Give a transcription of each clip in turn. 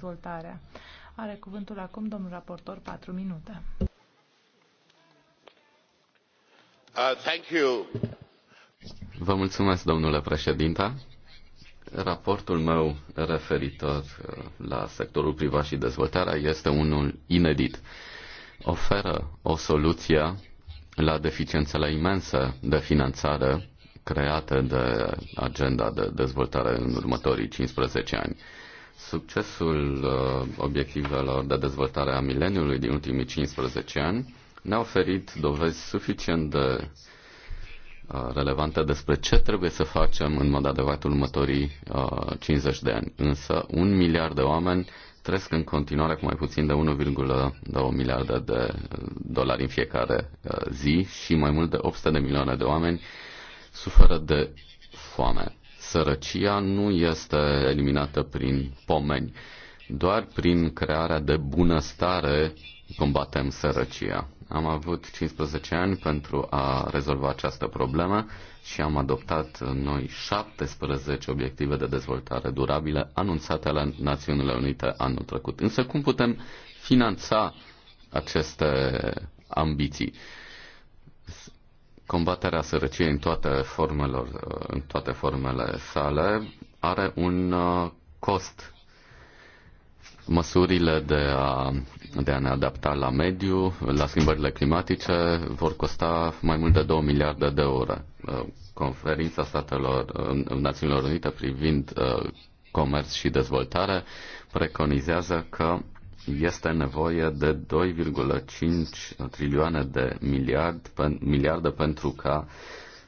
dezvoltarea. Are cuvântul acum domnul raportor patru minute. Uh, Vă mulțumesc, domnule președinte. Raportul meu referitor uh, la sectorul privat și dezvoltarea este unul inedit. Oferă o soluție la deficiențele imense de finanțare create de agenda de dezvoltare în următorii 15 ani. Succesul uh, obiectivelor de dezvoltare a mileniului din ultimii 15 ani ne-a oferit dovezi suficient de uh, relevante despre ce trebuie să facem în mod adevărat următorii 50 uh, de ani. Însă un miliard de oameni trăiesc în continuare cu mai puțin de 1,2 miliarde de dolari în fiecare zi și mai mult de 800 de milioane de oameni suferă de foame sărăcia nu este eliminată prin pomeni. Doar prin crearea de bunăstare combatem sărăcia. Am avut 15 ani pentru a rezolva această problemă și am adoptat noi 17 obiective de dezvoltare durabilă anunțate la Națiunile Unite anul trecut. Însă cum putem finanța aceste ambiții? Uh, combaterea sărăciei în toate, formelor, uh, în toate formele sale are un uh, cost. Măsurile de a, de a ne adapta la mediu, la schimbările climatice, vor costa mai mult de 2 miliarde de euro. Uh, conferința Statelor Națiunilor Unite privind comerț și dezvoltare preconizează că este nevoie de 2,5 trilioane de miliard, miliarde pentru ca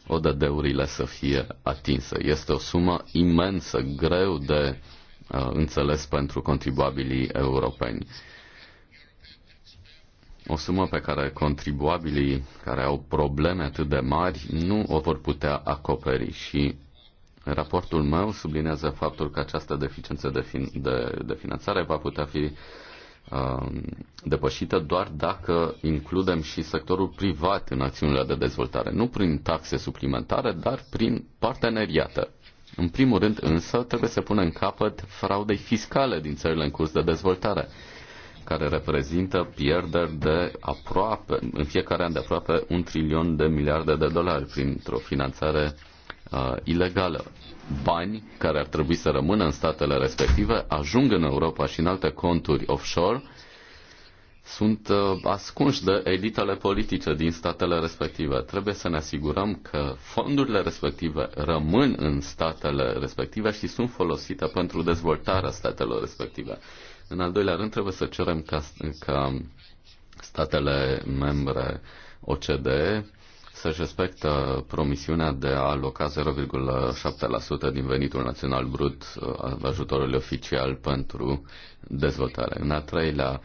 ODD-urile să fie atinse. Este o sumă imensă, greu de uh, înțeles pentru contribuabilii europeni. O sumă pe care contribuabilii care au probleme atât de mari nu o vor putea acoperi și Raportul meu sublinează faptul că această deficiență de, fin- de, de finanțare va putea fi Um, depășită doar dacă includem și sectorul privat în acțiunile de dezvoltare, nu prin taxe suplimentare, dar prin parteneriată. În primul rând însă trebuie să punem capăt fraudei fiscale din țările în curs de dezvoltare, care reprezintă pierderi de aproape, în fiecare an de aproape un trilion de miliarde de dolari printr-o finanțare uh, ilegală. Bani care ar trebui să rămână în statele respective ajung în Europa și în alte conturi offshore sunt uh, ascunși de elitele politice din statele respective. Trebuie să ne asigurăm că fondurile respective rămân în statele respective și sunt folosite pentru dezvoltarea statelor respective. În al doilea rând, trebuie să cerem ca, ca statele membre OCDE să-și respectă promisiunea de a aloca 0,7% din venitul național brut al uh, ajutorului oficial pentru dezvoltare. În al treilea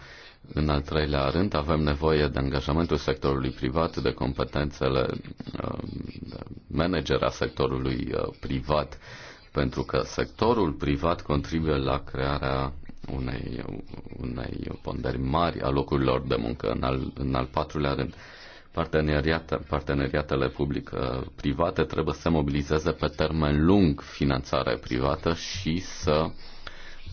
în al treilea rând, avem nevoie de angajamentul sectorului privat, de competențele uh, de managera sectorului uh, privat, pentru că sectorul privat contribuie la crearea unei, unei ponderi mari a locurilor de muncă. În al, în al patrulea rând, parteneriatele public-private trebuie să mobilizeze pe termen lung finanțarea privată și să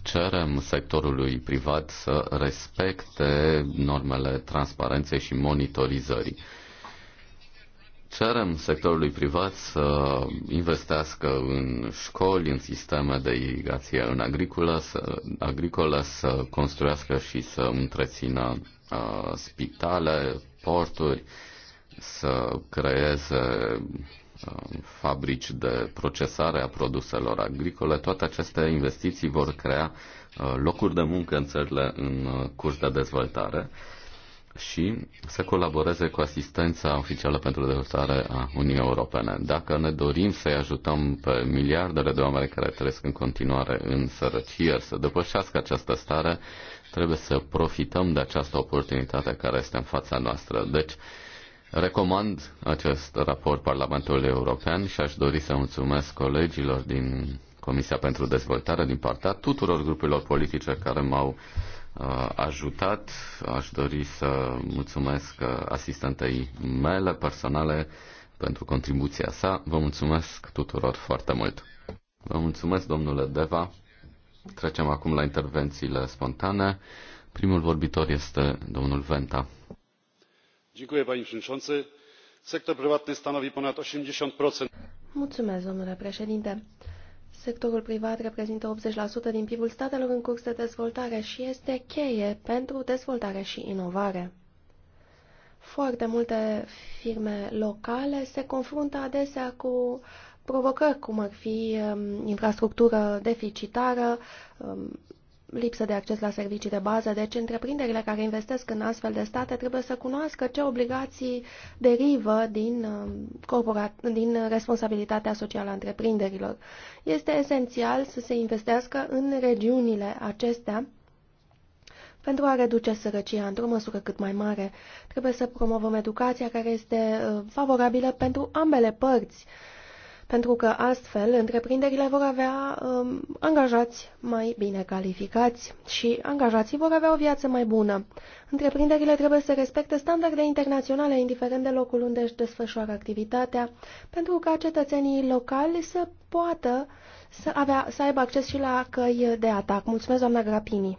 cerem sectorului privat să respecte normele transparenței și monitorizării. Cerem sectorului privat să investească în școli, în sisteme de irigație în agricolă, să, agricolă, să construiască și să întrețină uh, spitale, porturi, uh, să creeze um, fabrici de procesare a produselor agricole, toate aceste investiții vor crea uh, locuri de muncă în țările în uh, curs de dezvoltare și să colaboreze cu asistența oficială pentru dezvoltare a Uniunii Europene. Dacă ne dorim să-i ajutăm pe miliardele de oameni care trăiesc în continuare în sărăcie, să depășească această stare, trebuie să profităm de această oportunitate care este în fața noastră. Deci, Recomand acest raport Parlamentului European și aș dori să mulțumesc colegilor din Comisia pentru Dezvoltare din partea tuturor grupurilor politice care m-au uh, ajutat. Aș dori să mulțumesc uh, asistentei mele personale pentru contribuția sa. Vă mulțumesc tuturor foarte mult. Vă mulțumesc, domnule Deva. Trecem acum la intervențiile spontane. Primul vorbitor este domnul Venta panie przewodniczący! sektor prywatny stanowi ponad osiemdziesiąt domnule președinte sectorul privat reprezintă optzeci din pib ul statelor în curs de dezvoltare și este cheie pentru dezvoltare și inovare. Foarte multe firme locale se confruntă adesea cu provocări, cum ar fi um, infrastructură deficitară, um, lipsă de acces la servicii de bază, deci întreprinderile care investesc în astfel de state trebuie să cunoască ce obligații derivă din, uh, corporat, din responsabilitatea socială a întreprinderilor. Este esențial să se investească în regiunile acestea pentru a reduce sărăcia într-o măsură cât mai mare. Trebuie să promovăm educația care este uh, favorabilă pentru ambele părți pentru că astfel întreprinderile vor avea um, angajați mai bine calificați și angajații vor avea o viață mai bună. Întreprinderile trebuie să respecte standarde internaționale, indiferent de locul unde își desfășoară activitatea, pentru ca cetățenii locali să poată să, avea, să aibă acces și la căi de atac. Mulțumesc, doamna Grapini!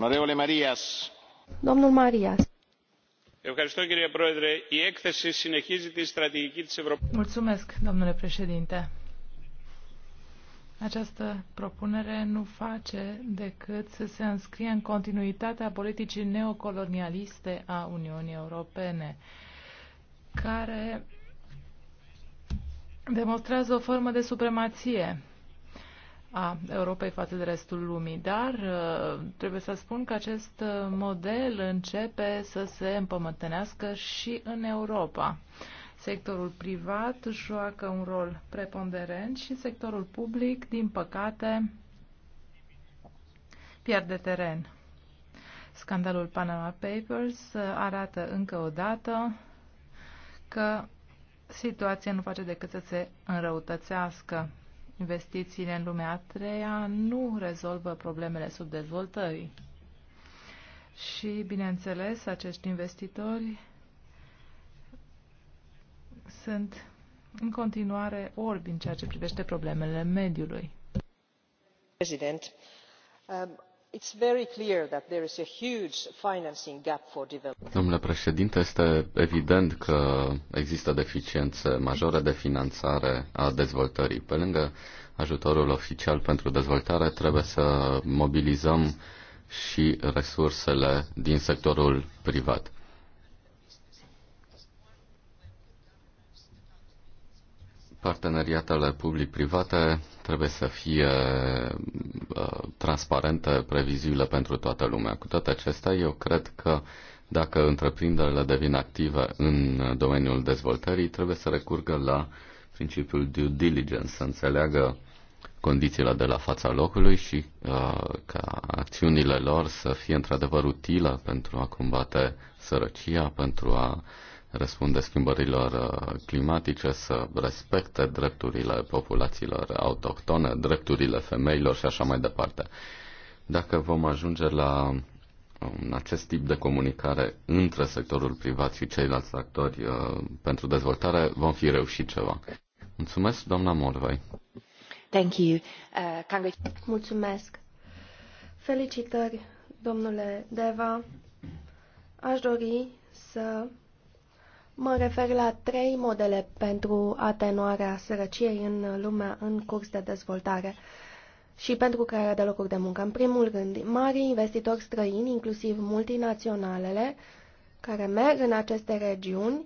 domnule președinte. Această propunere nu face decât să se înscrie în continuitatea politicii neocolonialiste a Uniunii Europene, care demonstrează o formă de supremație a Europei față de restul lumii, dar uh, trebuie să spun că acest uh, model începe să se împământenească și în Europa. Sectorul privat joacă un rol preponderent și sectorul public, din păcate, pierde teren. Scandalul Panama Papers uh, arată încă o dată că situația nu face decât să se înrăutățească. Investițiile în lumea a treia nu rezolvă problemele subdezvoltării. Și, bineînțeles, acești investitori sunt în continuare orbi în ceea ce privește problemele mediului. President, Domnule președinte, este evident că există deficiențe majore de finanțare a dezvoltării. Pe lângă ajutorul oficial pentru dezvoltare, trebuie să mobilizăm și resursele din sectorul privat. Parteneriatele public-private trebuie să fie uh, transparente, previziile pentru toată lumea. Cu toate acestea, eu cred că dacă întreprinderile devin active în domeniul dezvoltării, trebuie să recurgă la principiul due diligence, să înțeleagă condițiile de la fața locului și uh, ca acțiunile lor să fie într-adevăr utile pentru a combate sărăcia, pentru a răspunde schimbărilor uh, climatice, să respecte drepturile populațiilor autohtone, drepturile femeilor și așa mai departe. Dacă vom ajunge la um, acest tip de comunicare între sectorul privat și ceilalți actori uh, pentru dezvoltare, vom fi reușit ceva. Mulțumesc, doamna Morvai. Thank you. Uh, Mulțumesc. Felicitări, domnule Deva. Aș dori să Mă refer la trei modele pentru atenuarea sărăciei în lumea în curs de dezvoltare și pentru crearea de locuri de muncă. În primul rând, mari investitori străini, inclusiv multinaționalele, care merg în aceste regiuni,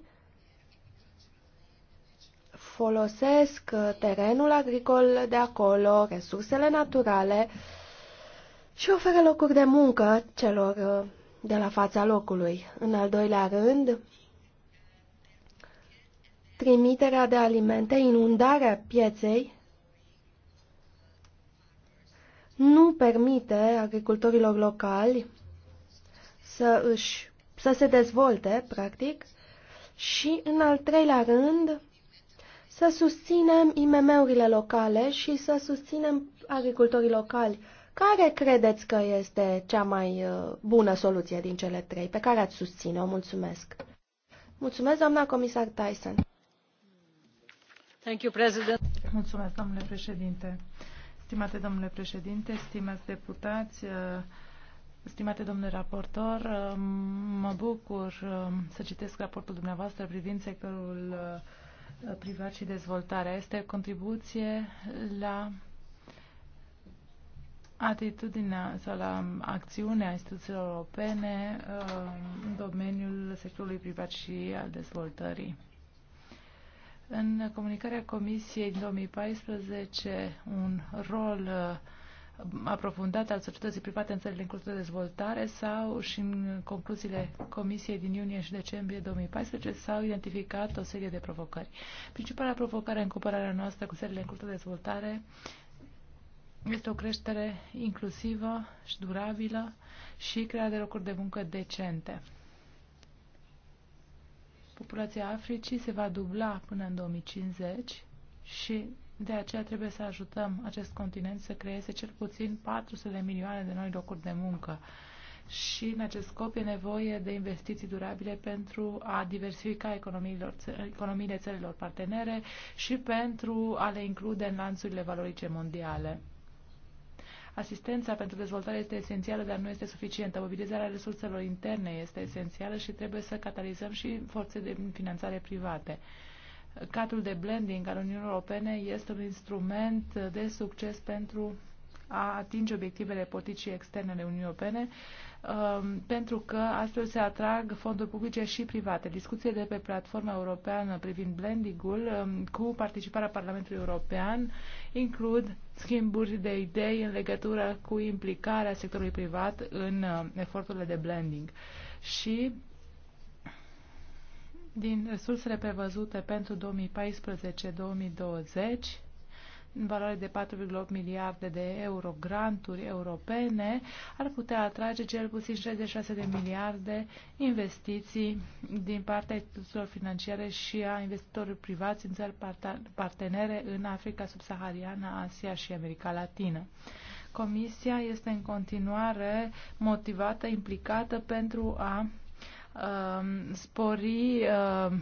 folosesc terenul agricol de acolo, resursele naturale și oferă locuri de muncă celor de la fața locului. În al doilea rând, trimiterea de alimente, inundarea pieței, nu permite agricultorilor locali să, își, să se dezvolte, practic, și, în al treilea rând, să susținem IMM-urile locale și să susținem agricultorii locali. Care credeți că este cea mai uh, bună soluție din cele trei pe care ați susține-o? Mulțumesc! Mulțumesc, doamna comisar Tyson! Mulțumesc, domnule președinte. Stimate domnule președinte, stimați deputați, stimate domnule raportor, mă bucur să citesc raportul dumneavoastră privind sectorul privat și dezvoltarea. Este contribuție la atitudinea sau la acțiunea instituțiilor europene în domeniul sectorului privat și al dezvoltării. În comunicarea Comisiei din 2014, un rol uh, aprofundat al societății private în țările în curs de dezvoltare sau și în concluziile Comisiei din iunie și decembrie 2014 s-au identificat o serie de provocări. Principala provocare în cooperarea noastră cu țările în curs de dezvoltare este o creștere inclusivă și durabilă și crearea de locuri de muncă decente populația Africii se va dubla până în 2050 și de aceea trebuie să ajutăm acest continent să creeze cel puțin 400 de milioane de noi locuri de muncă. Și în acest scop e nevoie de investiții durabile pentru a diversifica economiile țărilor partenere și pentru a le include în lanțurile valorice mondiale. Asistența pentru dezvoltare este esențială, dar nu este suficientă. Mobilizarea resurselor interne este esențială și trebuie să catalizăm și forțe de finanțare private. Cadrul de blending al Uniunii Europene este un instrument de succes pentru a atinge obiectivele politicii externe ale Uniunii Europene, um, pentru că astfel se atrag fonduri publice și private. Discuțiile de pe platforma europeană privind blending-ul um, cu participarea Parlamentului European includ schimburi de idei în legătură cu implicarea sectorului privat în um, eforturile de blending. Și din resursele prevăzute pentru 2014-2020, în valoare de 4,8 miliarde de euro granturi europene ar putea atrage cel puțin 66 de miliarde investiții din partea instituțiilor financiare și a investitorilor privați în țări partenere în Africa subsahariană, Asia și America Latină. Comisia este în continuare motivată, implicată pentru a uh, spori uh,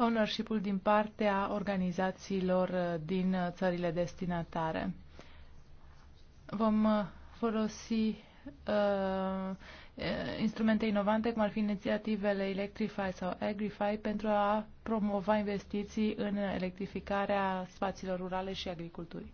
ownership-ul din partea organizațiilor uh, din uh, țările destinatare. Vom uh, folosi uh, instrumente inovante, cum ar fi inițiativele Electrify sau Agrify, pentru a promova investiții în electrificarea spațiilor rurale și agriculturii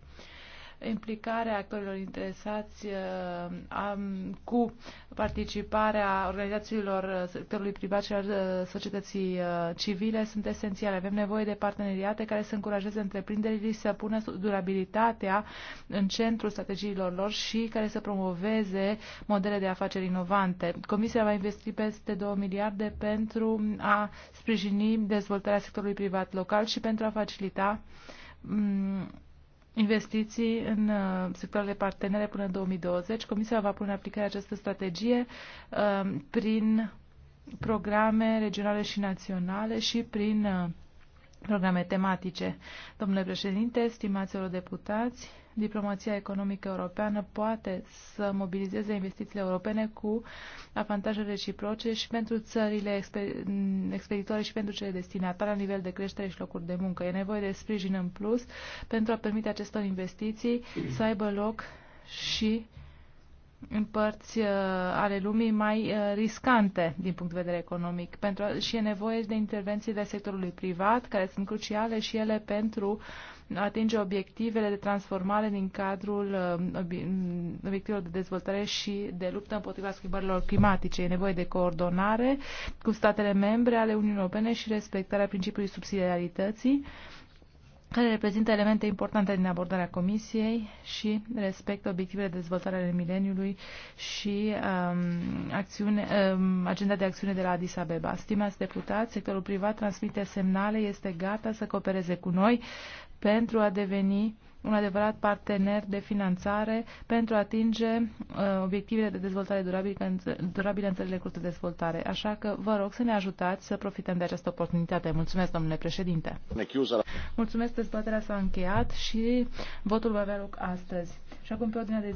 implicarea actorilor interesați uh, cu participarea organizațiilor uh, sectorului privat și al uh, societății civile sunt esențiale. Avem nevoie de parteneriate care să încurajeze întreprinderile să pună durabilitatea în centrul strategiilor lor și care să promoveze modele de afaceri inovante. Comisia va investi peste 2 miliarde pentru a sprijini dezvoltarea sectorului privat local și pentru a facilita investiții în uh, sectoarele partenere până în 2020. Comisia va pune în aplicare această strategie uh, prin programe regionale și naționale și prin uh, programe tematice. Domnule președinte, stimați eurodeputați, diplomația economică europeană poate să mobilizeze investițiile europene cu avantaje reciproce și pentru țările expeditoare și pentru cele destinatare la nivel de creștere și locuri de muncă. E nevoie de sprijin în plus pentru a permite acestor investiții să aibă loc și în părți uh, ale lumii mai uh, riscante din punct de vedere economic pentru, și e nevoie de intervențiile sectorului privat, care sunt cruciale și ele pentru a atinge obiectivele de transformare din cadrul uh, mm, obiectivelor de dezvoltare și de luptă împotriva schimbărilor climatice. E nevoie de coordonare cu statele membre ale Uniunii Europene și respectarea principiului subsidiarității. Uh, care reprezintă elemente importante din abordarea Comisiei și respectă obiectivele de dezvoltare ale mileniului și um, acțiune, um, agenda de acțiune de la Addis Abeba. Stimați deputați, sectorul privat transmite semnale, este gata să coopereze cu noi pentru a deveni un adevărat partener de finanțare pentru a atinge uh, obiectivele de dezvoltare durabilă în țările curte de dezvoltare. Așa că vă rog să ne ajutați să profităm de această oportunitate. Mulțumesc, domnule președinte. Mulțumesc, dezbaterea s-a încheiat și votul va avea loc astăzi. Și acum pe ordinea de